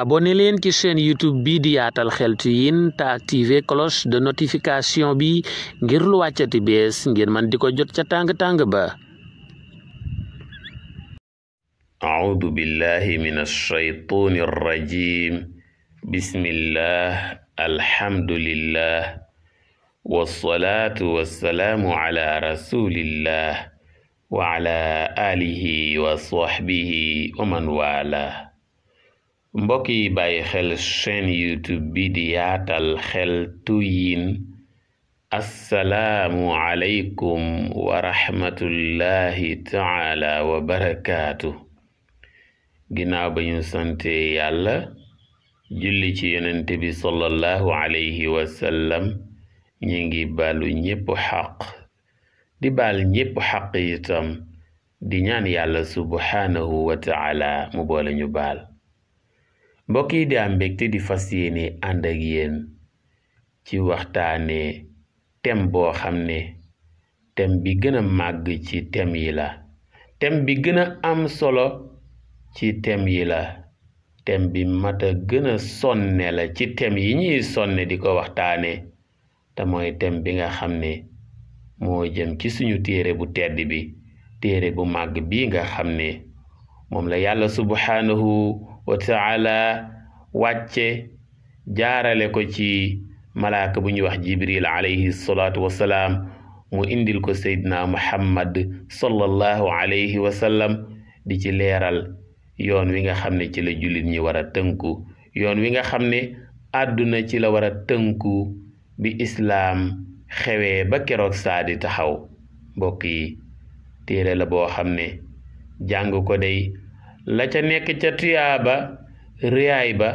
abonné leen ci seen youtube bi di yaatal xeltu yin te activé cloche de notification bi ngir lu wàccati bees ngeen man di ko jot ca tàng-tàng ba audu billahi min alshaytani arrajim bismillah alhamdulillah wasalaatu wasalaamu ala rasulillah wa ala alihi wa sahbihi wa man wala mbokk yi bàyyi xel chaîne youtube bi di yaatal xeltu yin assalaamu aleykum wa rahmatullahi taala wa barakaatu ginnaaw ba ñu sante yàlla julli ci yonente bi sallallahu alayhi wa sallam ñi ngi baalu ñépp xaq di xaq itam di ñaan yàlla subhaanahu wa mu boole ñu baal mbokk yi di am di fas yéene ànd ak yéen ci waxtaane tem boo xam ne tem bi gëna a màgg ci thème yi la tem bi gëna am solo ci tem yi la tem bi mat gëna sonne la ci thème yi ñuy sonne di ko waxtaane te mooy thème bi nga xam ne moo jëm ci suñu téere bu tedd bi téere bu màgg bii nga xam ne moom la yàlla subhaanahu wa taala wàcce jaarale ko ci malaaka bu ñuy wax jibril alayhi salaatu wasalaam mu indil ko seydina muhammad sallallahu alayhi wa di ci leeral yoon wi nga xam ne ci la jullit ñi war a tënku yoon wi nga xam ne àdduna ci la war a tënku bi islam xewee ba keroog saadi taxaw mbokk yi téere la boo xam ne jàng ko day la ca nekk ca tuyaaba riyaay ba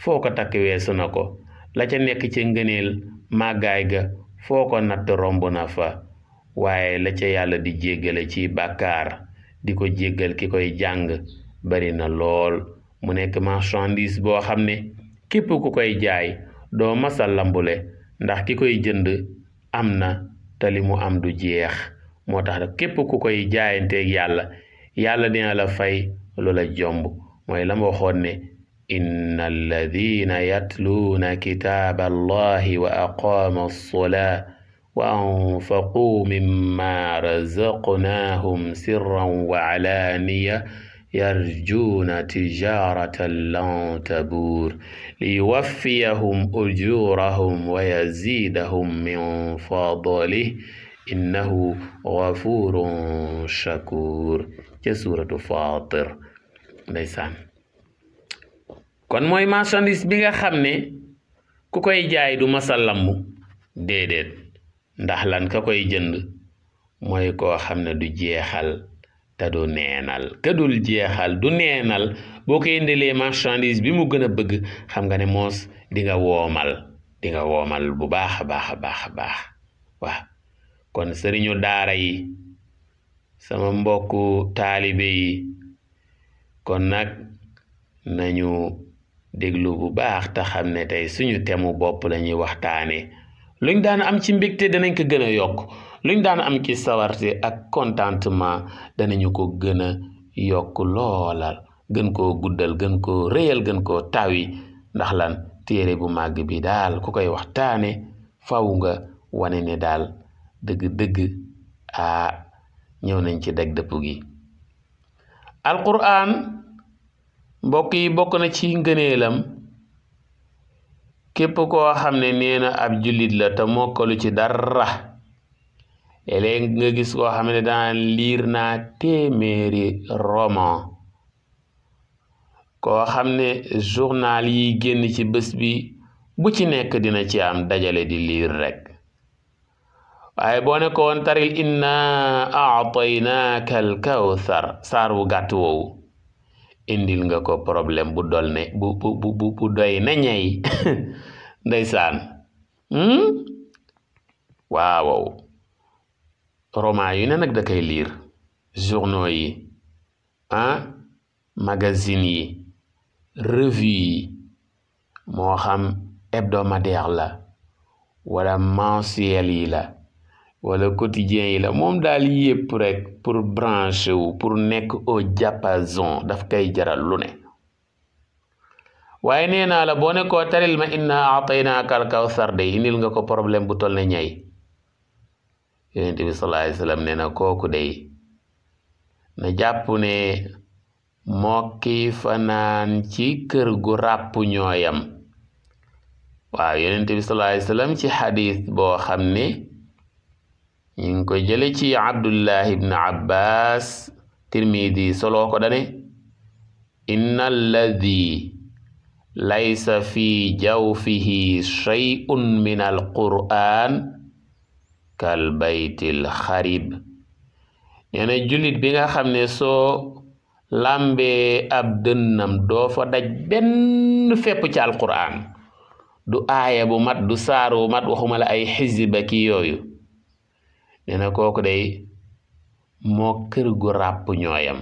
foo ko takk weesu na ko la ca nekk ca ngëneel màggaay ga foo ko natt romb na fa waaye la ca yàlla di jéggale ci bàkkaar di ko jéggal ki koy jàng bari na lool mu nekk marchandise boo xam ne képp ku koy jaay doo masa lambule ndax ki koy jënd am na te li mu am du jeex moo tax képp ku koy jaayanteeg yàlla yàlla dina la fay loola jomb mooy la ma waxoon ne inna alladina yatluuna kitaaba allahi wa aqaamu alsolaa wa anfaquu mimma razaqnaahum sirran wa alaaniya yarjuuna tijaratan lan tabuur liyuwaffiyahum ujurahum wa yaziidahum min fadlih innahu gafurun shakur ca suratu fatir ndeysaan kon mooy marchandise bi nga xam ne ku koy jaay du masa lamb déedéet ndax lan ka koy jënd mooy koo xam ne du jeexal te du neenal ka jeexal du neenal boo ko indilee marchandise bi mu gën a bëgg xam nga ne moos di woomal di woomal bu baax a baax a baax a baax waaw kon sëriñu daara yi sama mbokku taalibe yi kon nag nañu déglu bu baax taxam xam ne tey suñu temu bopp lañuy waxtaane luñ daan am ci mbégte danañ ko gën a yokk luñ daan am ci sawarte ak contentement danañu ko gën a yokk loolal gën ko guddal gën ko réyal gën koo tawi ndax lan téere bu màgg bi daal ku koy waxtaane faw nga wane ne daal dëgg-dëgg a ñëw nañ ci deg dëpp gi alquran mbokk yi bokk na ci ngëneelam képp koo xam ne nee ab jullit la te mokkalu ci dara léeg nga gis koo xam ne daan liir naa téeméeri roman koo xam ne journal yi génn ci bés bi bu ci nekk dina ci am dajale di liir rek waaye boo ne ko woon taril inna aataynaaka al kawthar saar wu gàtt woowu indil nga ko problème bu dol bu bu bu bu doy na ñey ndeysaan hmm? waawow roman yu ne nag da koy liir journaux yi ah magazine yi revue yi moo xam hebdomadaire la wala mensuel yi la wala quotidien yi la moom daal yépp rek pour branché wu pour nekk au diapason daf koy jaral lu ne waaye nee naa la boo ne koo taril ma inna ataynaaka alkawsar de indil nga ko problème bu tol ne ñay yonent bi sallallahu kooku de na jàpp ne mokki fanaan ci kër gu ràpp ñooyam waaw yonent bi sallallahu alayhi ci xadis boo xam ne ñu ngi koy jële ci abdullah ibn abbas tirmidi soloo ko dane inna alladi laysa fi jawfihi shay'un min alqur'an kal baytil xarib nee na jullit bi nga xam ne soo làmbee ab dënnam doofa daj benn fépp ci alqur'an du aaya bu mat du saar mat waxuma la ay xizib ki yooyu nee na kooku day moo kër gu ràpp ñooyam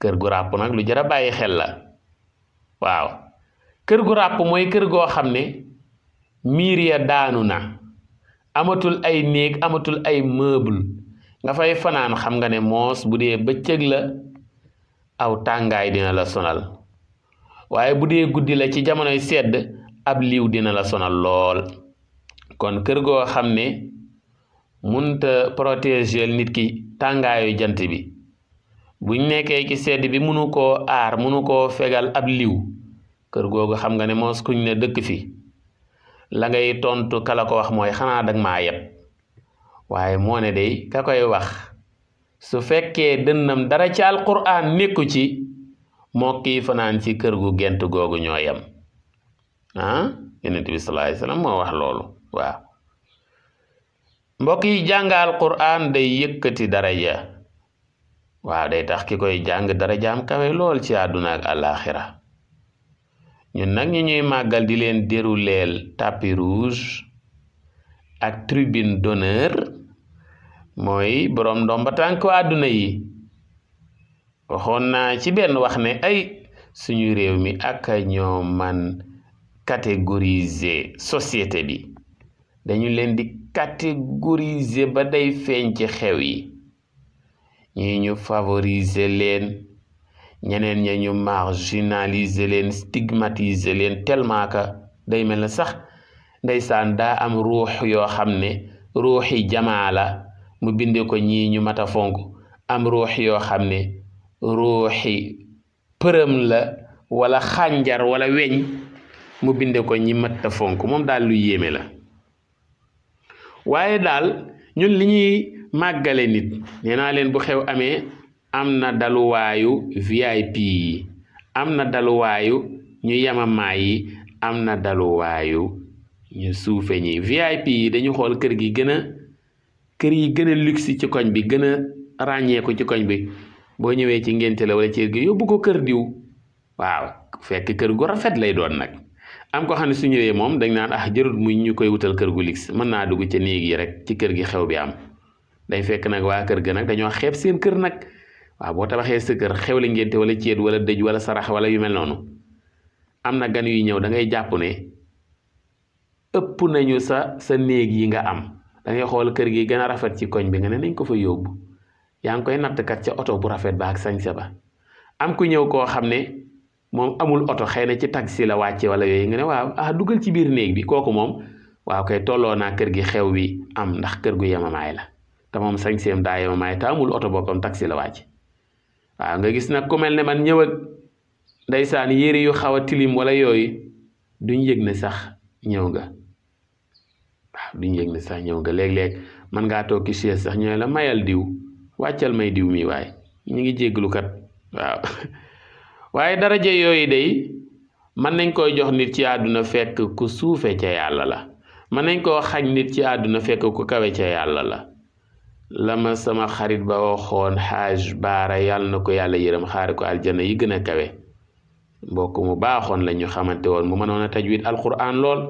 kër gu ràpp nag lu jar a bàyyi xel la waaw kër gu ràpp mooy kër goo xam ne miir ya daanu na amatul ay néeg amatul ay meuble nga fay fanaan xam nga ne moos bu dee cëg la aw tàngaay dina la sonal waaye bu dee guddi la ci jamonoy sedd ab liiw dina la sonal lool kon kër goo ne munta protéger nit ki tàngaayu jant bi buñ nekkee ci sedd bi munu koo aar munu koo fegal ab liw kër googu xam nga ne moos kuñ ne dëkk fi la ngay tontu kala ko wax mooy xanaa dag yet waaye moo ne day ka koy wax su fekkee dënnam dara ci alquraan nekku ci moo kii fanaan ci kër gu gent googu ñoo yam ah yonent bi sallallahu alayhi moo wax loolu waaw mbokk yi jàng alquran day yëkkati daraja waaw day tax ki koy jàng darajaam kawe lool ci àdduna ak àllaaxira ñun nag ñu ñuy màggal di leen dérouleel tapis rouge ak tribune d'honneur mooy boroom ndomba tànk àdduna yi waxoon naa ci benn wax ne ay suñu réew mi ak ñoo man catégoriser société bi dañu leen di catégoriser ba day feeñ ci xew yi ñi ñu favoriser leen ñeneen ña ñu marginaliser leen stigmatiser leen tellement que day mel na sax ndeysaan daa am ruux yoo xam ne ruuxi jamaa la mu bindee ko ñii ñu mat a fonk am ruux yoo xam ne ruuxi përëm la wala xànjar wala weñ mu bindee ko ñi mat fonk moom daal lu yéeme la waaye daal ñun li ñuy màggale nit nee naa leen bu xew amee am na daluwaayu VIP yi am na daluwaayu ñu yamamaay yi am na daluwaayu ñu suufe ñi VIP yi dañu xool kër gi gën a kër yi gën a luxe ci koñ bi gën a ràññeeku ci koñ bi boo ñëwee ci ngénte la wala ci gi yóbbu ko kër diw waaw fekk kër gu rafet lay doon nag am ko xam ne su ñëwee moom dañ naan ah jërut mu ñu koy wutal kër gu lix mën naa dugg ca néeg yi rek ci kër gi xew bi am day fekk nag waa kër gi nag dañoo xeeb seen kër nag waaw boo tabaxee sa kër xew la ngénte wala céet wala dëj wala sarax wala yu mel noonu am na gan yuy ñëw da ngay jàpp ne ëpp nañu sa sa néeg yi nga am da xool kër gi gën a rafet ci koñ bi nga ne nañ ko fa yóbbu yaa ngi koy nattkat ca oto bu rafet ba ak sañse ba am ku ñëw koo xam ne moom amul oto xëy na ci taxi la wàcce wala yooyu nga ne waaw a ah, dugal ci biir néeg bi kooku moom waaw kay tolloo naa kër gi xew bi am ndax kër gu yemamaay la te moom sañ-seem daa yemamaay te amul oto boppam taxi la wàcce waaw nga gis nag ku mel ne man ñëw ak ndeysaan yére yu xaw a tilim wala yooyu duñ yëg ne sax ñëw nga waaw duñ yëg ne sax ñëw nga léeg-léeg man ngaa toog ci chaise sax ñooy la mayal diw wàccal may diw mi waaye ñu ngi jégglu waaye dara daraja yooyu day mën nañ koy jox nit ci àdduna fekk ku suufe ca yàlla la mën nañ koo xañ nit ci àdduna fekk ku kawe ca yàlla la la ma sama xarit ba waxoon xaaj baara yàlla na ko yàlla yërëm xaari ko aljana yi gën a kawe mbokk mu baaxoon la ñu xamante woon mu mënoon a taj tajwid alquran lool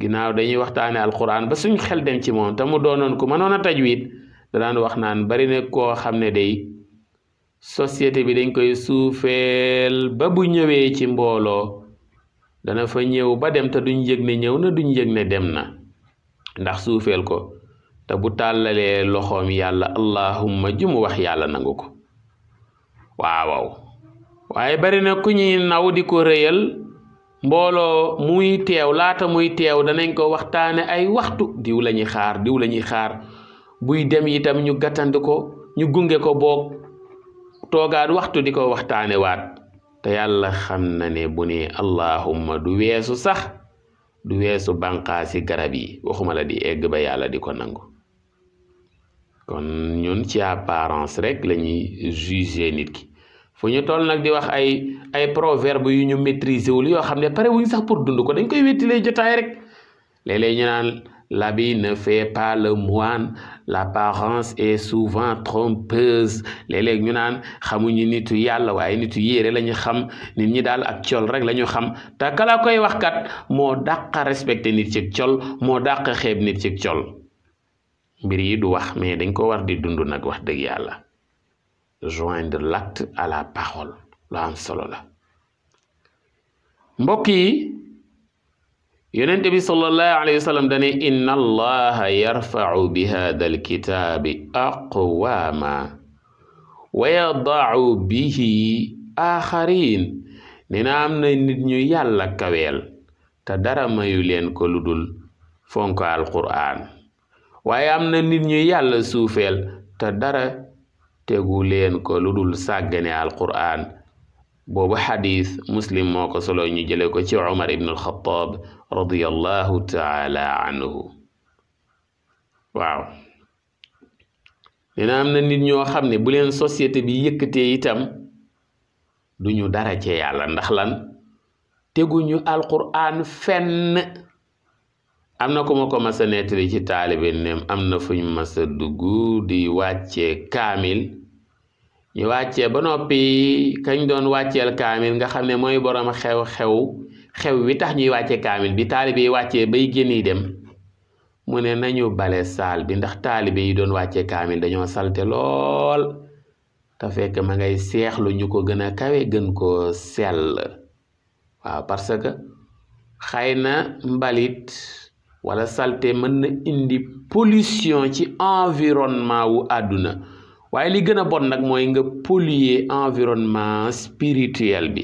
ginnaaw dañuy waxtaane alquran ba suñ xel dem ci moom te mu doonoon ku mënoon a tajwid da daan wax naan bari na koo xam ne day société bi dañ koy suufeel ba bu ñëwee ci mbooloo dana fa ñëw ba dem te duñ yëg ne ñëw na duñ yëg ne dem na ndax suufeel ko te bu tàllalee loxoom yàlla allahumma ju wax yàlla nangu ko waawaw waaye bari na ku ñuy naw di ko rëyal mbooloo muy teew laata muy teew danañ ko waxtaane ay waxtu diw lañuy xaar diw lañuy xaar buy dem itam ñu gàttandi ko ñu gunge ko boog toogaat waxtu di ko waxtaane waat te yàlla xam na ne bu ne allahumma du weesu sax du weesu bànqaasi garab yi waxuma la di egg ba yàlla di ko nangu kon ñun ci apparence rek la ñuy juger nit ki fu ñu toll nag di wax ay ay proverbe yu ñu maîtriser wul yoo xam ne pare wuñ sax pour dund ko dañ koy wéttilee jotaay rek léeg-léeg L'habit ne fait pas le moine l'apparence est souvent trompeuse léeg-léeg ñu naan xamuñu nitu yàlla waaye nitu yére la ñu xam nit ñi daal ak col rek la ñu xam te kala koy waxkat moo dàq respecté nit ci col moo dàq xeeb nit ci col mbir yi du wax mais dañ ko war di dundu nag wax dëgg yàlla joindre l'acte à la parole lu solo la mbokk yonent bi sallallahu alayhi wa dane inna allaha yarfau bi hada alkitaabi aqwaama wa yadaau bihi aaxarin nee am na nit ñu yàlla kaweel te dara mayu leen ko lu dul fonk alquraan waaye am na nit ñu yàlla suufeel te dara tegu leen ko lu dul sàggane alquraan boobu xadis muslim moo ko solo ñu jële ko ci umar ibn alxataab radiallahu taala anhu waaw dina am na nit ñoo xam ne bu leen société bi yëkkatee itam duñu dara ci yàlla ndax lan teguñu alquran fenn am na ku ma ko mas a ci taalibe neem am na fuñ mas a dugg di wàccee kaamil ñu wàccee ba noppi kañ doon wàcceel kaamil nga xam ne mooy borom xew-xew xew wi tax ñuy wàcce kaamil bi taalibe yi wàccee bay génn yi dem mu ne nañu bale saal bi ndax taalibe yi doon wàcce kaamil dañoo salte lool te fekk ma ngay seexlu ñu ko gën a kawe gën ko sell waaw parce que xay na mbalit wala salte mën na indi pollution ci environnement wu àdduna waaye li gën a bon nag mooy nga polluer environnement spirituel bi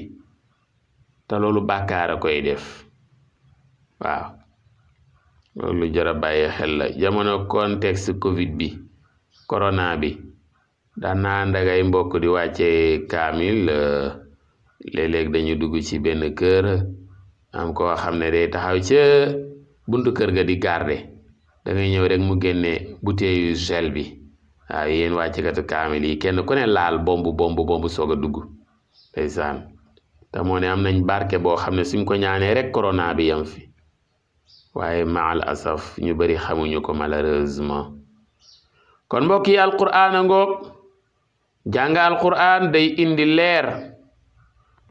te loolu bàkkaar koy def waaw loolu jar bàyyi xel la jamono contexte Covid bi corona bi daan naa ànd ak mbokk di wàcce kaamil euh, léeg-léeg dañu dugg ci benn kër am koo xam ne day taxaw ca buntu kër ga di garde da ñëw rek mu génne bouteille yu gel bi waaw yéen wàccikatu kaamil yi kenn ku ne laal bomb bomb bomb a dugg ndeysaan te moo am nañ barke boo xam ne suñ ko ñaanee rek corona bi yam fi waaye maal asaf ñu bari xamuñu ko malheureusement kon mbokk yi alquran a ngoog jàng alquran day indi leer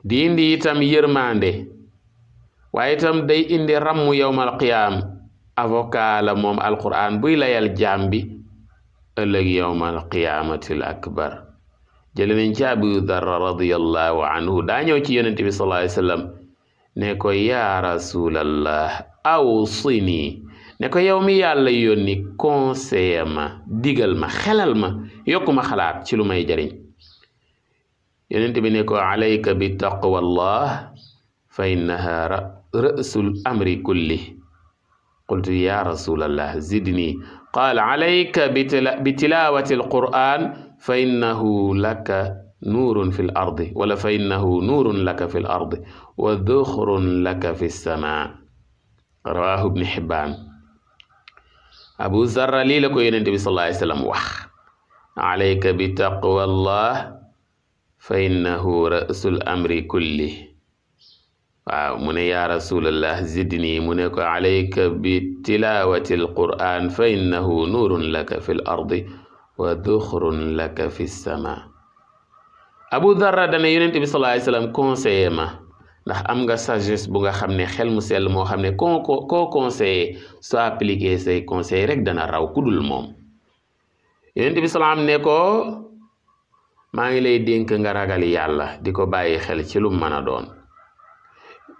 di indi itam yërmande waaye itam day indi rammu yowmal qiyaam avocat moom alquran buy layal jaam bi ëllëg yowmal qiyaamatil akbar jële nañ ci abu darra radiyallahu anhu daa ñëw ci yonente bi sallallahu alayhi wasallam ne ko yaa rasulallah awsini ne ko yow mi yàlla yónni conseiller ma digal ma xelal ma yokku ma xalaat ci lu may jariñ yonente bi ne ko alayka bi taqwallah fa innaha ra'sul amri kulli qultu ya rasulallah zidni qaal alayka bi tilawati alquran fa innahu laka nuurun fi l ardi wala fa innahu nuurun laka fi l ardi wa duxrun laka fi lsama rawahu ibni xibbaan abu zarra lii la ko yonente bi sallallahu alayhi wa sallam wax alayka bi taqwa allah fa innahu rasul amri kulli waaw mu ne yaa rasulallah zidni mu ne ko alayka bi tilaawati alquran fa innahu nuurun laka fi l wa duxrun laka fi sama abu darra dane yonent bi sallallahu alayhi wasallam ma ndax am nga sagesse bu nga xam ne xel mu sell moo xam ne koo ko koo conseillé soo say conseil rek dana raw ku dul moom yonent bi salaam ne ko maa ngi lay dénk nga ragal yàlla di ko bàyyi xel ci lu mën a doon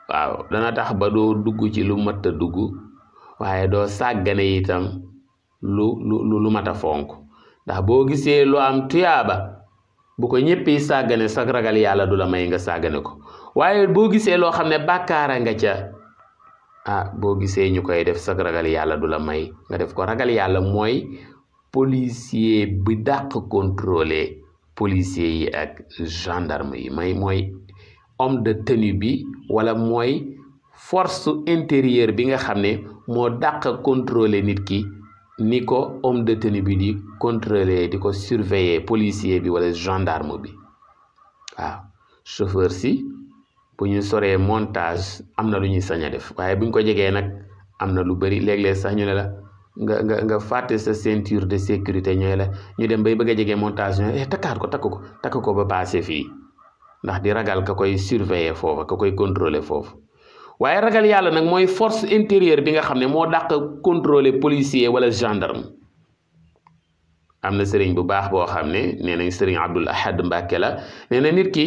waaw dana tax ba doo dugg ci lu mat dugg waaye doo sàggane itam lu lu lu mat a fonk ndax boo gisee lu am tuyaaba bu ko ñëppi sàggane sax ragal yàlla du la may nga sàggane ko waaye boo gisee loo xam ne bàkkaara nga ca ah boo gisee ñu koy def sax ragal yàlla du la may nga def ko ragal yàlla mooy policier bi dàq contrôler policier yi ak gendarme yi may mooy homme de tenue bi wala mooy force intérieure bi nga xam ne moo dàq contrôler nit ki ni ko homme de tenue bi di contrôler di ko surveiller policier bi wala gendarme bi waaw chauffeur si bu ñu soree montage am na lu ñuy sañ a def waaye bu ñu ko jegee nag am na lu bëri léeg-léeg sax ñu ne la nga nga nga fàtte sa ceinture de sécurité ñooy la ñu dem bay bëgg a jegee montage ñooy eh takkaat ko takk ko takk ko ba passé fii ndax di ragal ka koy surveiller foofu ka koy contrôler foofu waaye ragal yàlla nag mooy force intérieure bi nga xam ne moo dàq contrôler policier wala gendarme am na sëriñ bu baax boo xam ne nee nañ sëriñ Abdul Ahad Mbàkke la nee nit ki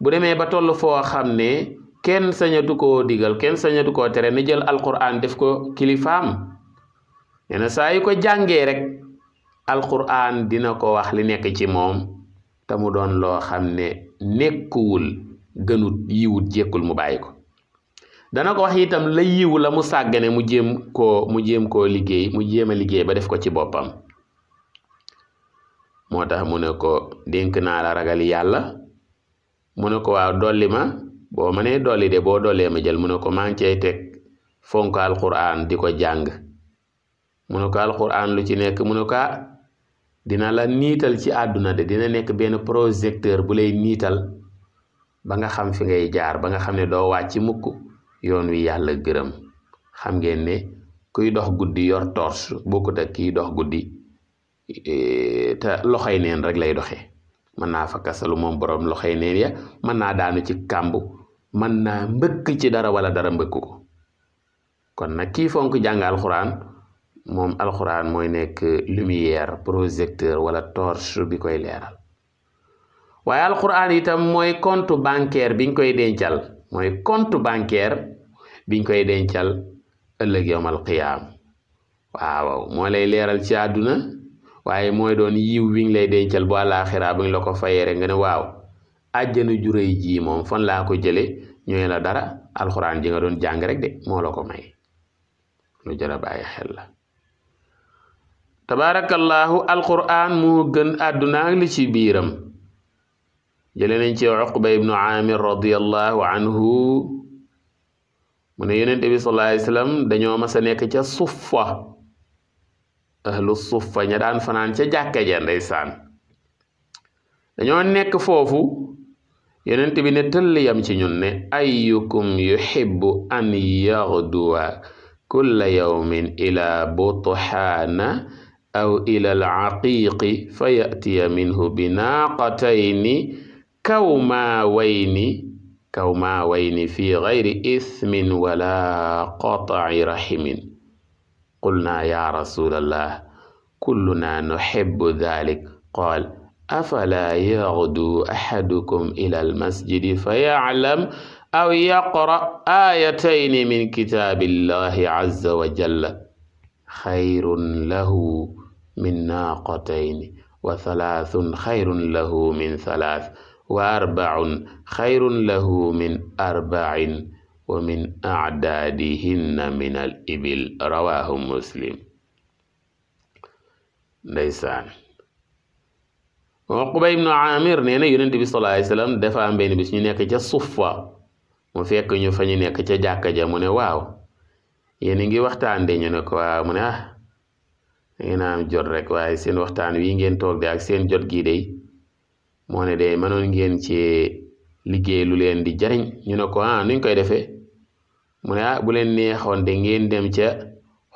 bu demee ba toll foo xam ne kenn sañatu ko digal kenn sañatu koo tere na jël alquran def ko kilifaam nee na ko jàngee rek alquran dina ko wax li nekk ci moom te mu doon loo xam ne nekkuwul gënut yiwut jekkul mu bàyyi ko dana ko wax itam la yiwu la mu sàggane mu jéem ko mu jéem koo liggéey mu jéem a liggéey ba def ko ci boppam moo tax mu ne ko dénk naa la ragal yàlla mu ne ko waaw dolli ma boo ma nee dolli de boo dollee ma jël mu ne ko maa ngi cay teg fonk di ko jàng mu ne ko alquran lu ci nekk mu ne ko ah, dina la niital ci àdduna de dina nekk benn projecteur bu lay niital ba nga xam fi ngay jaar ba nga xam ne doo ci mukk yoon wi yàlla gërëm xam ngeen ne kuy dox guddi yor torche bokkut ak kiy dox guddi e, te loxoy neen rek lay doxee mën naa fa kasalu moom borom loxoy neen ya mën naa daanu ci kàmb mën naa mbëkk ci dara wala dara mbëkk ko kon nag kii fonk jàng alxuraan moom alxuraan mooy nekk lumière projecteur wala torche bi koy leeral waaye alxuraan itam mooy compte bancaire biñ koy dencal mooy compte bancaire biñ koy dencal ëllëg yowmal qiyaam moo lay leeral ci àdduna waaye mooy doon yiw wiñ lay dencal bu àllaaxira buñ la ko fayee rek nga ne waaw àjjana ju rëy ji moom fan laa ko jële ñooy la dara alxuraan ji nga doon jàng rek de mo la ko may lu jar a xel la tabaarakallaahu alquraan moo gën àdduna ak ci biiram jële nañ ci uqba ibnu aamir radiallahu anhu mu ne yonente bi sallallahu alayhi wasallam dañoo mas nekk ca suffa ahlu suffa ña daan fanaan ca jàkka ja ndeysaan dañoo nekk foofu yonente bi ne tëll yam ci ñun ne ayyukum yuhibbu an yaghduwa kulla yawmin ila buthaana aw ila alaqiqi fa yatiya minhu binaaqatayni kawmaawayni kawmaawayni fi gayri ithmin wala qataci rahimin qulna ya rasulallah kulluna nuxibu dhalik qaal afala yagdu axadukum ila almasjidi fa yaclam aw yaqra aayatayni min kitaabillahi azza wa jalla xayrun lahu min naaqatayni wa thalathun xayrun lahu min thalath wa arbaun xayrun lahu min arbain wa min acdaadihinna min al ibil rawahu muslim ndeysaan Uqba ibnu Aamir nee na yonent bi sallallaahu ñu nekk ca suffa mu fekk ñu fa ñu nekk ca jàkka ja mu ne waaw yéen a ngi waxtaan de ñu ne ko waaw mu ne ah ngeen am jot rek waaye seen waxtaan wi ngeen toog de ak seen jot gii day moo de mënoon ngeen ce liggéey lu leen di jariñ ñu ne ko ah nuñ koy defee mu ne ah bu leen neexoon de ngeen dem ca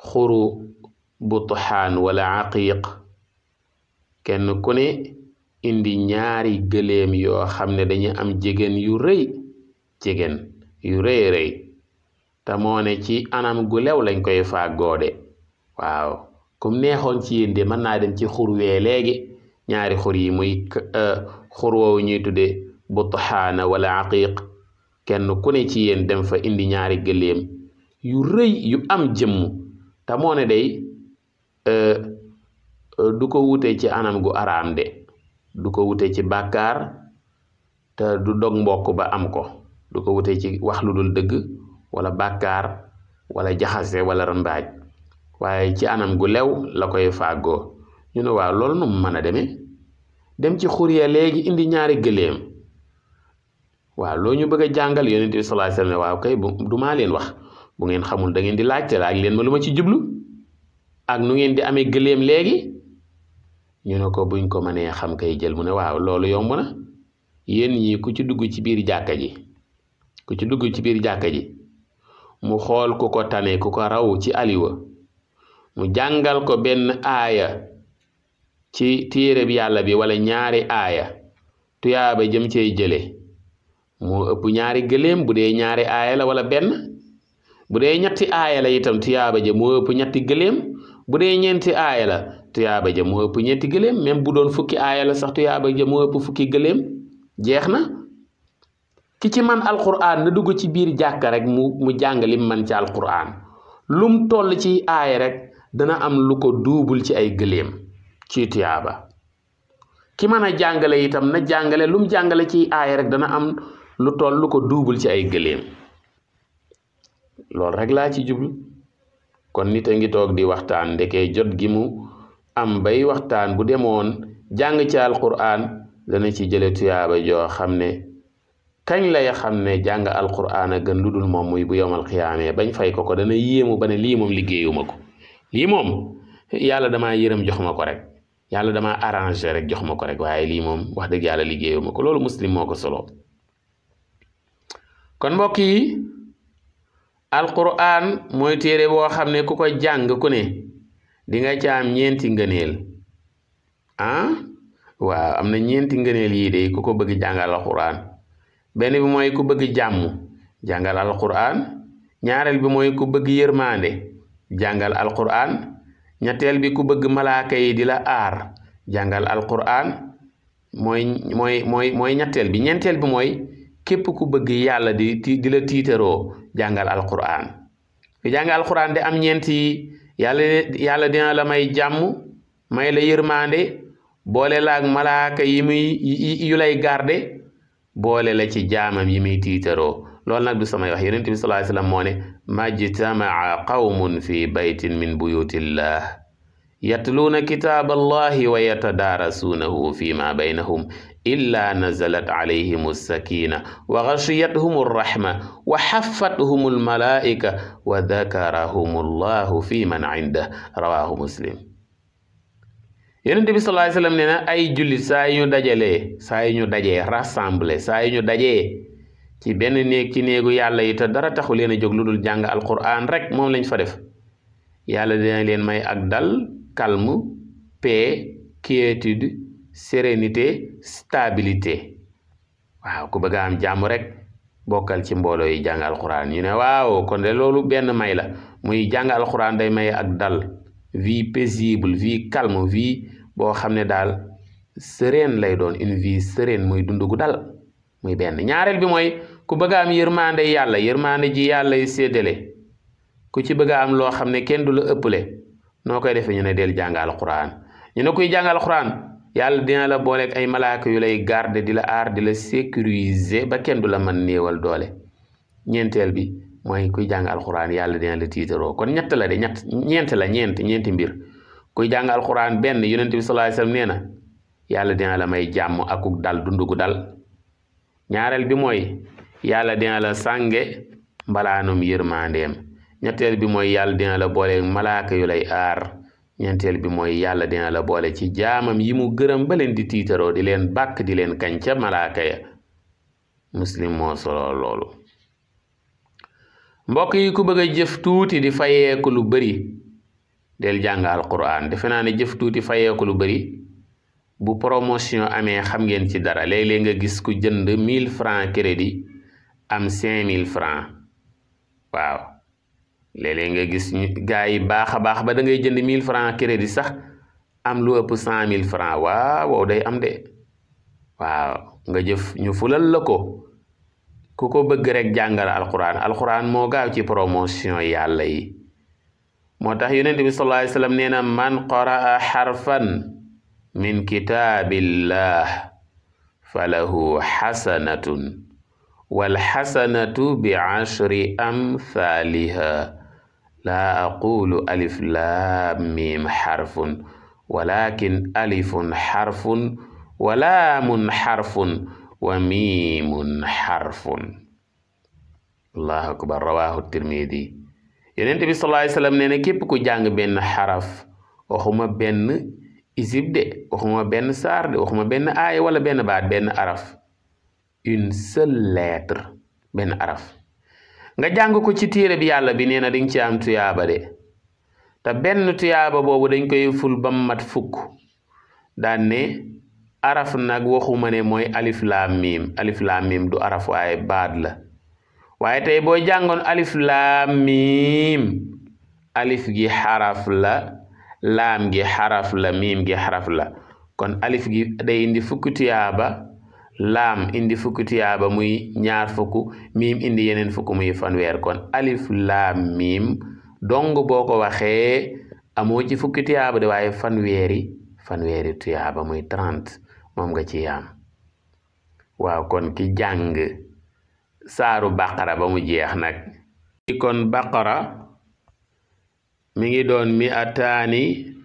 xuru butuxaan wala aqiq kenn ku ne indi ñaari gëléem yoo xam ne dañu am jigéen yu rëy jigéen yu rëy rëy te moone ci anam gu lew lañ koy fàggoode waaw comme neexoon ci yéen de mën naa dem ci xur wee léegi ñaari xur yi muy euh, xur woowu ñuy tudde butxaana wala aqiq kenn ku ne ci yéen dem fa indi ñaari gëléem yu rëy yu am jëmm te moo ne day euh, euh, du ko wute ci anam gu araam de du ko wute ci bàkkaar te du dog mbokk ba am ko du ko wute ci wax lu dul dëgg wala bàkkaar wala jaxase wala rëmbaaj waaye ci anam gu lew la koy fàggoo ñu ne waaw loolu nu mu mën a deme dem ci xur ya léegi indi ñaari gëléem waaw loo ñu bëgg a jàngal yonent di sallallahu alayhi wasallam waaw kay du maa leen wax bu ngeen xamul da ngeen di laajte laaj leen ma lu ma ci jublu ak nu ngeen di amee gëléem léegi ñu ne ko buñ ko mënee xam kay jël mu ne waaw loolu yomb na yéen ñi ku ci dugg ci biir jàkka ji ku ci dugg ci biir jàkka ji mu xool ku ko tane ku ko raw ci aliwa mu jàngal ko benn aaya ci téere bi yàlla bi wala ñaari aaya tuyaaba jëm cey jële moo ëpp ñaari gëléem bu dee ñaari aaya la wala benn bu dee ñetti aaya la itam tuyaaba ja moo ëpp ñetti gëléem bu dee ñeenti aaya la tuyaaba ja moo ëpp ñeenti bu doon fukki aaya la sax tuyaaba ja moo ëpp fukki gëléem jeex na ki ci man alquran na dugg ci biir jàkka rek mu mu jàng lim man ci alquran lum toll ci aaya rek dana am lu ko duubul ci ay gëléem ci tuyaaba ki mën a jàngale itam na jàngale lu jàngale ci aaya rek dana am lu toll lu ko duubul ci ay gëléem loolu rek laa ci jublu kon nit a ngi toog di waxtaan ndeke jot gi mu am bay waxtaan bu demoon jàng ci alquran dana ci jële tuyaaba joo xam ne kañ lay xam ne jàng alquran a gën lu dul moom muy bu yowmal xiyaamee bañ fay ko ko dana yéemu ba ne lii moom liggéeyuma ko lii moom yàlla dama yërëm jox ma ko rek yàlla damaa arrangé rek jox ma ko rek waaye lii moom wax dëgg yàlla liggéeyu ma ko loolu muslim moo ko solo kon mbokk yi alquran mooy téere boo xam ne ku koy jàng ku ne di nga ñeenti ngëneel ah waaw am na ñeenti ngëneel yii de ku ko bëgg jàngal alquran benn bi mooy ku bëgg jàmm jàngal alquran ñaareel bi mooy ku bëgg yërmaande jàngal alquran ñetteel bi ku bëgg malaaka yi di la aar jàngal alquran mooy mooy mooy mooy ñetteel bi ñeenteel bi mooy képp ku bëgg yàlla di di la tiitaroo jàngal alquran ku jàngal alquran di am ñeent yi yàlla dina la may jàmm may la yërmande boole la malaaka yi muy yu lay garde boole la ci jaamam yi muy tiitaroo loolu nag du samay wax yonent bi sallallahu alayhi wasallam moo ne majtamaa qawmun fi baytin min buyutillah yatluuna kitaaba allahi wa yatadaarasuunahu fi ma baynahum illa nazalat alayhim alsakina wa gashiyat-hum alrahma wa xaffathum almalaa'ika wa dakarahum allahu fi man cindah rawahu muslim yonent bi sallallahu alayhi wasallam nee na ay jullit saa yu ñu dajalee saa yu ñu dajee rassemble saa yu ñu dajee ci benn néeg ci néegu yàlla yi dara taxu leen a jóg lu dul jàng alquran rek moom lañ fa def yàlla dina leen may ak dal calme paix quiétude sérénité stabilité waaw ku bëgg am jàmm rek bokkal ci mbooloo yi jàng alquran ñu ne waaw kon de loolu benn may la muy jàng alquran day may ak dal vie paisible vie calme vie boo xam ne daal sereine lay doon une vie sereine muy dund gu dal muy benn ñaareel bi mooy ku bëgg a am yërmande yàlla yërmande ji yàlla yi séddale ku ci bëgg a am loo xam ne kenn du la ëpple noo koy defee ñu ne del jàngal Alxuraan ñu ne kuy jàngal yàlla dina la booleeg ay malaaka yu lay garde di la aar di la sécuriser ba kenn du la mën néewal doole ñeenteel bi mooy kuy jàng alxuraan yàlla dina la tiitaroo kon ñett la de ñett ñeent la ñeent ñeenti mbir kuy jàng alxuraan benn yonent bi sallallahu alayhi wasallam na yàlla dina la may jàmm akuk dal dundu gu dal ñaareel bi mooy yàlla dina la sànge mbalaanum yërmandeem ñetteel bi mooy yàlla dina la boole malaaka yu lay aar ñeenteel bi mooy yàlla dina la boole ci jaamam yi mu gërëm ba leen di tiitaroo di leen bàkk di leen kañ ca malaaka ya muslim moo solo loolu mbokk yi ku bëgg a jëf tuuti di fayeeku lu bari del jàng alquran defe naa ne jëf tuuti fayeeku lu bari bu promotion amee xam ngeen ci dara léeg-léeg nga gis ku jënd 1000 francs crédit am cinq mille francs waaw léeg nga gis ñu gaa yi baax a baax ba da ngay jënd mille francs crédit sax am lu ëpp cent mille francs waaw wow day am de waaw nga jëf ñu fulal la ko ku ko bëgg rek jàngal alquran alquran moo gaaw ci promotion yàlla yi moo tax yonent bi sallallahu alayhi wasallam nee na man xarfan min kitaabillah falahu xasanatun walxasanatu bi ashri amthaliha laa aqulu alif laam miim xarfun walakin alifun xarfun wa laamun xarfun wa miimun xarfun allahu akbar rawahu tirmidi yonent bi sallallahu alayhi wasallam nee na képp ku jàng benn xaraf waxuma benn isib de waxuma benn saar de waxuma benn aaya wala benn baat benn araf une seule lettre benn araf nga jàng ko ci téere bi yàlla bi nee na di ci am tuyaaba de te benn tuyaaba boobu dañ koy ful ba mat fukk dane ne araf nag waxuma ne mooy alif laam miim alif laam miim du araf waaye baat la waaye tey boo jàngoon alif laam miim alif gi xaraf la laam gi xaraf la miim gi xaraf la kon alif gi day indi fukki tuyaaba laam indi fukki ba muy ñaar fukk miim indi yeneen fukk muy fanweer kon alif laam miim dong boo ko waxee amoo ci fukki ba de waaye fanweeri fanweeri tuyaaba muy trente moom nga ci yaam waaw kon ki jàng saaru baqara ba mu jeex nag i kon baqara mi ngi doon mi ataani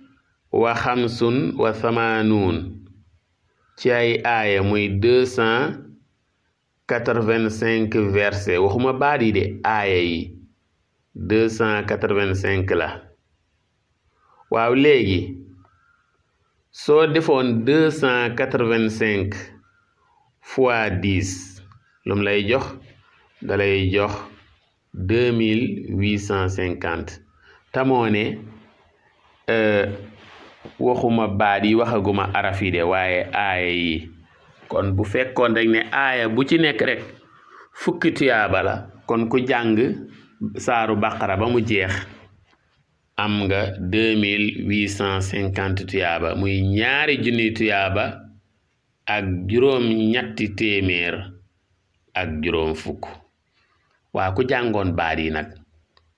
wa xamsun wa samaanuun ci ay aaya muy deux cent quatre-vingt-cinq verset waxuma baat yi de aaya yi deux cent quatre-vingt-cinq la waaw léegi soo defoon deux cent quatre-vingt-cinq fois dix lum lay jox dalay jox deux mille huit cent cinquante tamoo ne euh, waxuma baat yi waxaguma araf de waaye aaya yi kon bu fekkoon rek ne aaya bu ci nekk rek fukki tuyaaba la kon ku jàng saaru baqara ba mu jeex am nga deux mille huit cent tuyaaba muy ñaari junni tuyaaba ak juróom ñetti téeméer ak juróom fukk waa ku jàngoon baat yi nag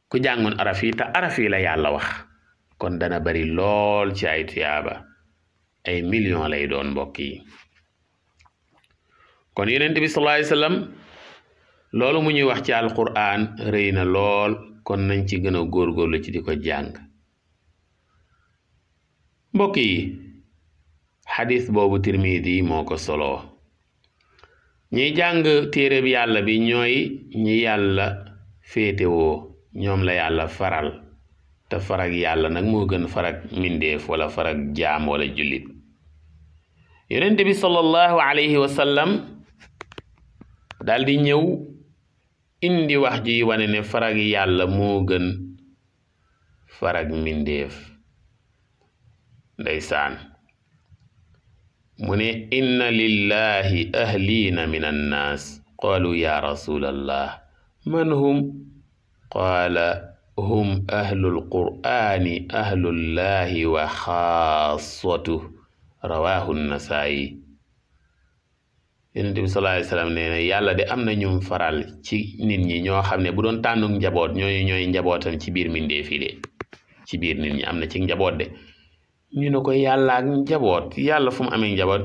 ku jàngoon araf yi te la yàlla wax kon dana bari lool ci ay tuyaaba ay million lay doon mbokk yi kon yonent bi sallallahu alayhi wasallam loolu mu ñuy wax ci alquran rëy na lool kon nañ ci gën a góorlu ci di ko jàng mbokk yi xadis boobu tirmidi moo ko soloo ñuy jàng téereb yàlla bi ñooy ñi yàlla féetewoo ñoom la yàlla faral te farag yàlla nag moo gën farag mindeef wala farag jaam wala jullit yonent bi sallallahu alayhi wa daal di ñëw indi wax ji wane ne farag yàlla moo gën farag mindeef ndeysaan mu ne inna lillahi ahliina min annaas qaalu ya rasulallah man hum qaala hum ahlul qur'ani ahlullahi wa xaasatu rawahu nasaayi yonente yàlla de am na ñum faral ci nit ñi ñoo xam ne bu doon tànnuk njaboot ñooñu ñooy njabootam ci biir mbindeef yi de ci biir nit ñi am na ci njaboot de ñu ne ko yàlla njaboot yàlla fu mu amee njaboot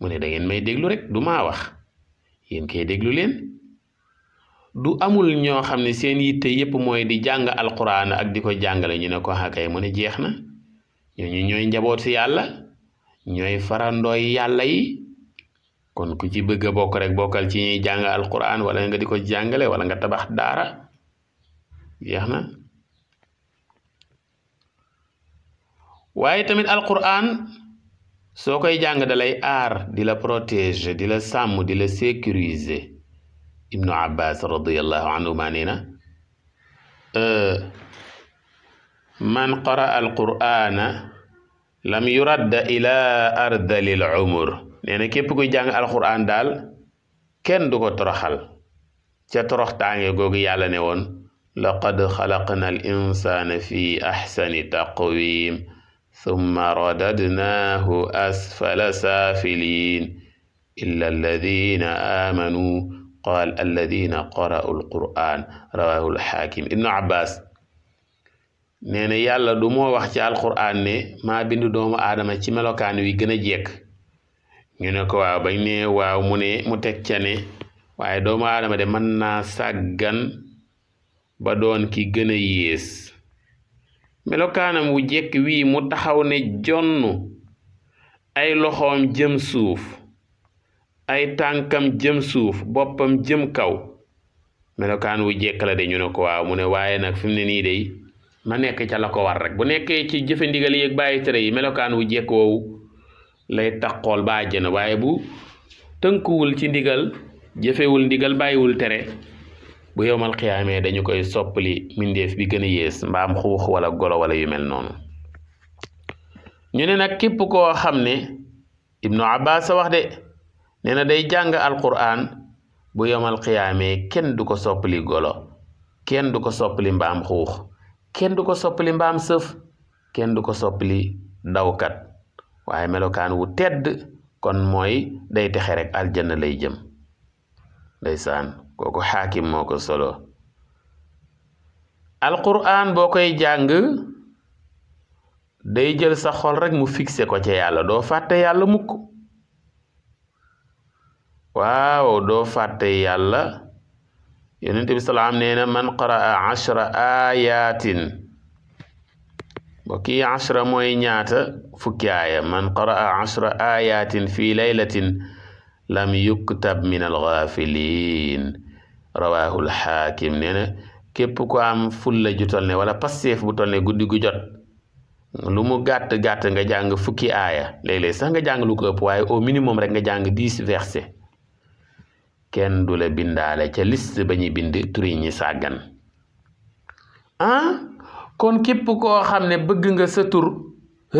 mu ne da ngeen may déglu rek du wax yéen kay déglu leen du amul ñoo xam ne seen yitte yépp mooy di jàng alquran ak di ko jàngale ñu ne ko xakay mu ne jeex na ñooñu ñooy njaboot si yàlla ñooy farandooy yàlla yi kon ku ci bëgg a bokk rek bokkal ci ñuy jàng alquran wala nga di ko jàngale wala nga tabax daara jeex na waaye tamit alquran soo koy jàng dalay aar di la protéger di la sàmm di la sécuriser ibnu abbas radiallahu anhuma nee na man qara al qur'ana lam yuradda ila ardalil umur nee na képp kuy jàng alquran daal kenn du ko toroxal ca toroxtaange googu yàlla ne woon laqad xalaqna al insana fi axsani taqwim summa radadnahu asfala saafilin illa alladina amanu qaal alladina qara'u alquran rawahu alxaakim ibnu abbas nee na yàlla du moo wax ci alquran ne maa bind doomu aadama ci melokaan wi gën a jekk ñu ne ko waaw bañ ne waaw mu ne mu teg ca ne waaye doomu aadama de mën naa sàggan ba doon ki gën a yées melokaanam wu jekk wi mu taxaw ne jonn ay loxoom jëm suuf ay tànkam jëm suuf boppam jëm kaw melokaan wu jekk la de ñu ne ko waaw mu ne waaye nag fi mu ne nii day ma nekk ca la ko war rek bu nekkee ci jëfe ndigal yi ak bàyyi tere yi melokaan wu jekk woowu lay taxool ba àjjana waaye bu tënkuwul ci ndigal jëfewul ndigal bàyyiwul tere bu yowmal xiyaamee dañu koy soppali mindeef bi gën a yées mbaam xuux wala golo wala yu mel noonu ñu ne nag képp koo xam ne ibnu abbas wax de nee na day jàng alquran bu yomal xiyaamee kenn du ko soppali golo kenn du ko soppali mbaam xuux kenn du ko soppali mbaam sëf kenn du ko soppali dawkat waaye melokaan wu tedd kon mooy day texe rek aljanna lay jëm ndeysaan kooku xaakim moo ko solo alquran boo koy jàng day jël sa xool rek mu fixé ko ca yàlla doo fàtte yàlla mukk waaw doo fàtte yàlla yonent bi salaam nee na man qaraa ashra ayatin mbokki ashra mooy ñaata fukki aaya man qaraa ashra ayatin fi laylatin lam yuktab min alxaafiliin rawaahu alxaakim nee na képp ku am fulla ju tol ne wala passeef bu tol ne guddi gu jot lu mu gàtt gàtt nga jàng fukki aaya léeg sax nga jàng lu ko ëpp waaye au minimum rek nga jàng dix verset kenn du la bindaale ca liste ba ñuy bind turi ñi sàggan ah kon képp koo xam ne bëgg nga sa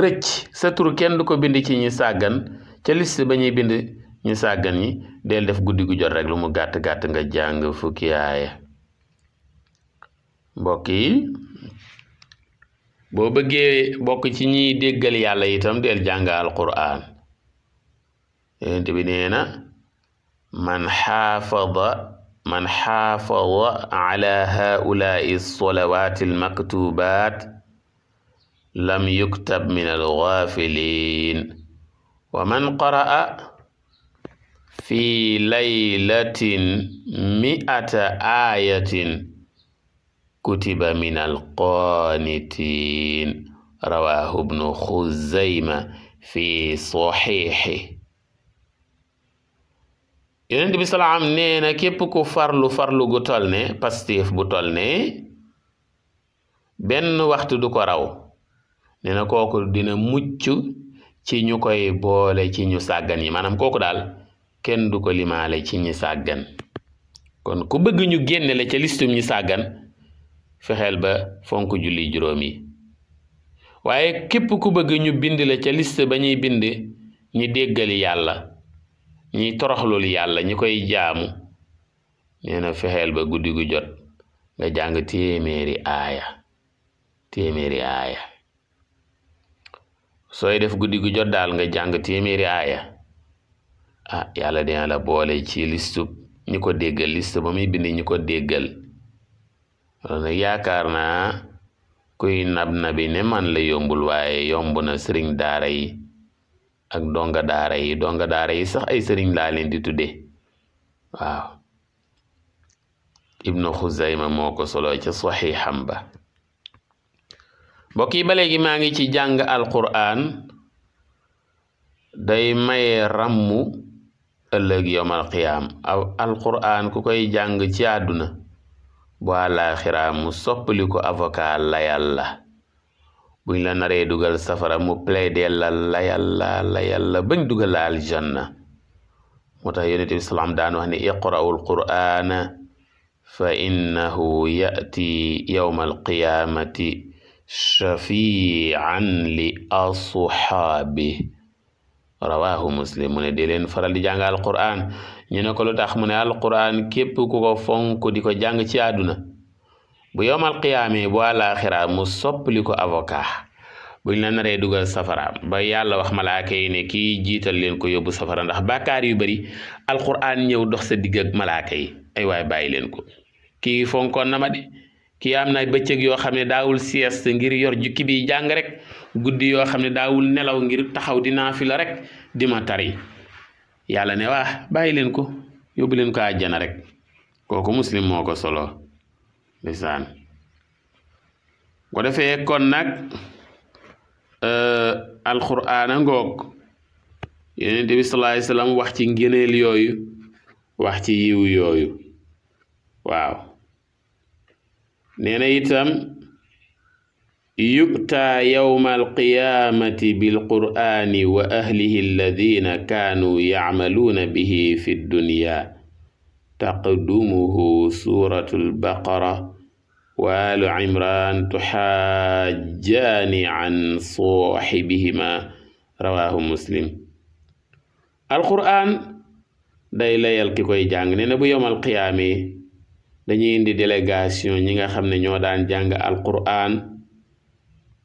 rëcc sa kenn du ko bind ci ñi sàggan ca list ba ñuy bind ñi sàggan ñi del def guddi gu jot rek lu mu gàtt-gàtt nga jàng fukki yaaye mbokk boo bëggee bokk ci ñiy déggal yàlla itam del jàng alquran yonent bi nee man xaafada man xaafada ala haulaai salawaati almaktubaat lam yuktab min algaafiliin wa man qara'a fi laylatin mi'ata aayatin kutiba min alqaanitiin rawaahu ibnu xuzayma fi saxiixi yonent bi salaam nee na képp ku farlu farlu gu toll ne pastif bu toll ne benn waxtu du ko raw nee kooku dina mucc ci ñu koy boole ci ñu sàggan yi maanaam kooku daal kenn du ko limaale ci ñi sàggan kon ku bëgg ñu génne la ca listum ñi sàggan fexeel ba fonk julli juróom yi waaye képp ku bëgg ñu bind la ca list ba ñuy bind ñi déggali yàlla ñi toroxlul yàlla ñi koy jaamu nee na fexeel ba guddi gu jot nga jàng téeméeri aaya téeméeri aaya sooy def guddi gu jot daal nga jàng téeméeri aaya ah yàlla dina la boole ci listu ñi ko déggal liste ba muy bind ñi ko déggal yaakaar na kuy nab nabi ne man la yombul waaye yomb na sëriñ daara yi ak donga daara yi donga daara yi sax ay sëriñ laa leen di tuddee waaw ibnu xuzayma moo ko solo ca saxiixam ba mbokk yi ba léegi maa ngi ci jàng alquraan day maye ràmmu ëllëg yowmal qiyaam aw ku koy jàng ci àdduna bu àllaaxira mu soppali avocat la yàlla buñ la naree dugal safara mu plaidé la layal la layal dugal la aljanna moo tax yonent bi salaam daan wax ne iqra'u alqur'ana fa innahu ya'ti yawma alqiyamati shafi'an li ashaabi rawahu muslim mu ne leen faral di jàng alqur'an ñu ne ko lu mu ne alqur'an képp ko fonk di ko jàng ci àdduna bu yowmal qiyaamee bu àllaaxira mu soppali ko avocat buñ la naree dugal safara ba yàlla wax malaaka yi ne kii jiital leen ko yóbbu safara ndax bàkkaar yu bari alquran ñëw dox sa digg ak malaaka yi ay waay bàyyi leen ko kii fonkoon na ma de kii am na bëccëg yoo xam ne daawul sieste ngir yor jukki bi jàng rek guddi yoo xam ne daawul nelaw ngir taxaw di naafila rek di ma tari yàlla ne waa bàyyi leen ko yóbbu leen ko àjjana rek kooku muslim moo solo ndeysaan ko defee kon nag euh, alquraan a ngoog yonent bi sallallaahu alayhi wa sallam wax ci ngëneel yooyu wax ci yiw yooyu waaw nee na itam yuktaa yawma alqiyaamati bilqur'aani wa ahlihi alladina kaanuu yacmaluuna bihi fi ddunya taqdumuhu suratu albaqara waalu imran tuxaajjaani an sooxibihima rawaahu muslim alquran day layal ki koy jàng nee na bu yowmal qiyaame dañuy indi délégation ñi nga xam ne ñoo daan jàng alquran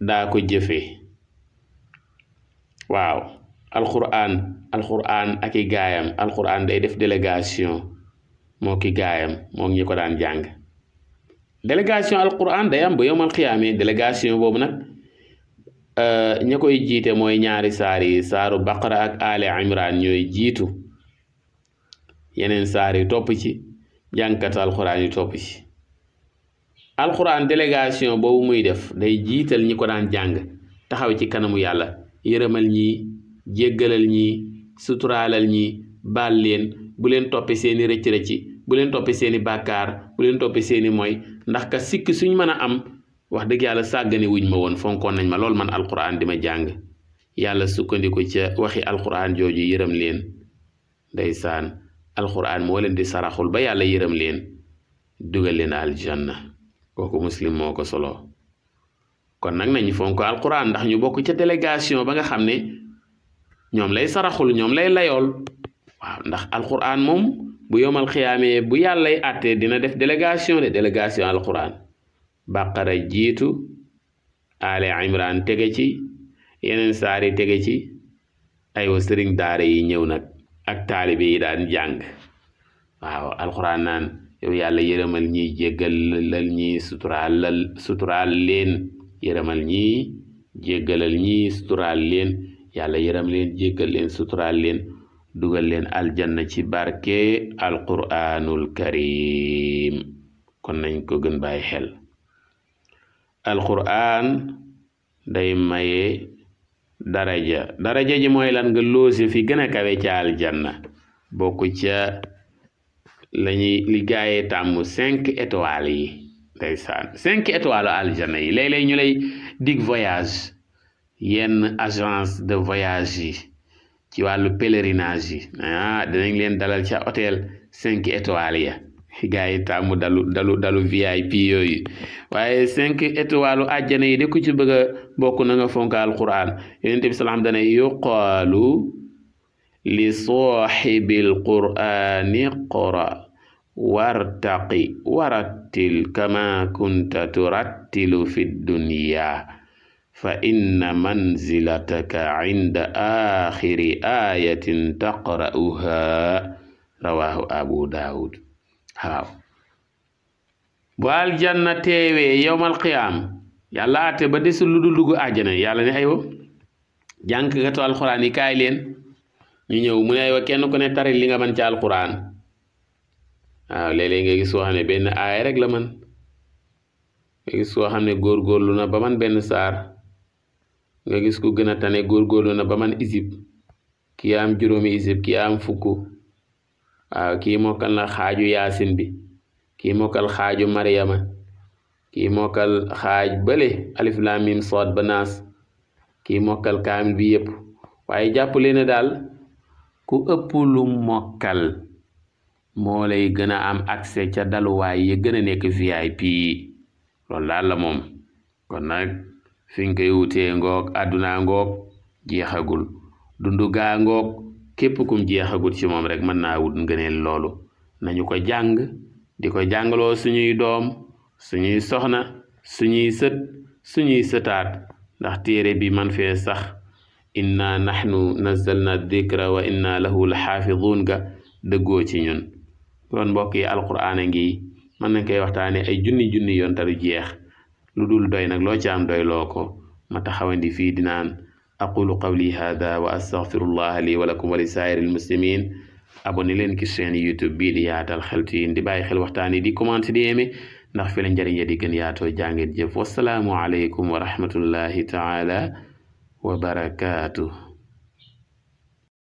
daa ko jëfe waaw alquran alquran ak i gaayam alquran day def délégation moo ki gaayam moo ñi ko daan jàng délégation alquran day am ba yowmal xiyaamee délégation boobu nag euh, ña koy jiite mooy ñaari saar yi saaru baqara ak ali imran ñooy jiitu yeneen saar yi topp ci jànkatu alxuraan yu topp ci alxuraan délégation boobu muy def day jiital ñi ko daan jàng taxaw ci kanamu yàlla yërëmal ñi jéggalal ñi suturaalal ñi baal leen bu leen toppe seeni rëcc-rëcc bu leen toppe seeni bàkkaar bu leen toppe seeni moy ndax ka sikk suñ mën a am wax dëgg yàlla sàggane wuñ ma woon fonkoon nañ ma lool man alquran di ma jàng yàlla sukkandiku ca waxi alquran jooju yërëm leen ndeysaan alquran moo leen di saraxul ba yàlla yërëm leen dugal leen aljanna kooku muslim moo ko solo kon nag nañu fonk alquran ndax ñu bokk ca délégation ba nga xam ne ñoom lay saraxul ñoom lay layool waaw ndax alquran moom bu yomal xiyaamee bu yàllay atte dina def délégation de délégation alquran baqara jiitu ale imran tege ci yeneen saari tege ci aywa sëriñ daara yi ñëw nag ak taalibe yi daan jàng waaw alquran naan yow yàlla yërëmal ñi jéggal lal ñi suturaal suturaal leen yërëmal ñi jéggalal ñi sutural leen yàlla yërëm leen jéggal leen sutural leen dugal leen aljanna ci barke alquraanul karim kon nañ ko gën bàyyi xel alquraan day maye daraja daraja ji mooy lan nga loose fi gën a kawe ca aljanna bokk ca lañuy liggéeyee tàmm cinq étoiles yi ndeysaan cinq étoiles aljanna yi léeg-léeg ñu lay dig voyage yenn agence de voyage yi ci wàllu pèlerinage yi ah, danañ leen dalal ca hôtel cinq étoiles ya gars yi tàmmu dalu VIP yooyu waaye cinq étoiles àjjana yi de ku ci bëgg a bokk na nga fonk alquran yonent bi salaam dana yuqaalu li saaxibil qurani qora wartaqi warattil kama kunta turattilu fi dunya fa inna manzilataka inda axiri ayatin taqra'uha rawahu abu daawud waaw bu aljanna teewee yowmal qiyaam yàlla ate ba desul lu dul dugg àjjana yàlla ne aywa jànkatu alxuraan yi kaay leen ñu ñëw mu ne aywa kenn ku ne tari li nga mën ci alxuraan waaw léeg-léeg nga gis soo xam ne benn aaya rek la man nga gis soo xam ne góorgóorlu na ba man benn saar nga gis ku gën a tane góorgóorlu na ba man isib kii am juróomi isib kii am fukk waaw kii mokkal na xaaju yaasin bi ki mokal xaaju mariama kii mokkal xaaj bale alif laam miim sood ba naas kii kaamil bi yépp waaye jàpp leen daal ku ëpp lu mokkal moo lay gën a am accès ca daluwaay ya gën a nekk VIP loolu daal la moom kon nag fiñ koy wutee ngoog àddunaa ngoog jeexagul dundu gaa ngoog képp kum jeexagul ci moom rek mën naa wut ngëneel loolu nañu ko jàng di ko jàngaloo suñuy doom suñuy soxna suñuy sët suñuy sëtaat ndax téere bi man fee sax inna nahnu nazzalna dikra wa inna lahu la xaafiduun ga dëggoo ci ñun kon mbokk yi alquraan a ngi mën nañ koy waxtaane ay junni junni yoon jeex lu dul doy nag loo ci am doy loo ko ma taxawandi fii dinaan aqulu qawli hada wa astaghfirullah li wa lakum wa li saa'iril muslimin abonné leen ci seen youtube bii di yaatal xeltu yin di bàyyi xel waxtaan yi di commenté di yéeme ndax fi la njëriñ di gën yaatoo jàngeen jëf wasalaamu aleykum wa rahmatullahi taala wa barakaatu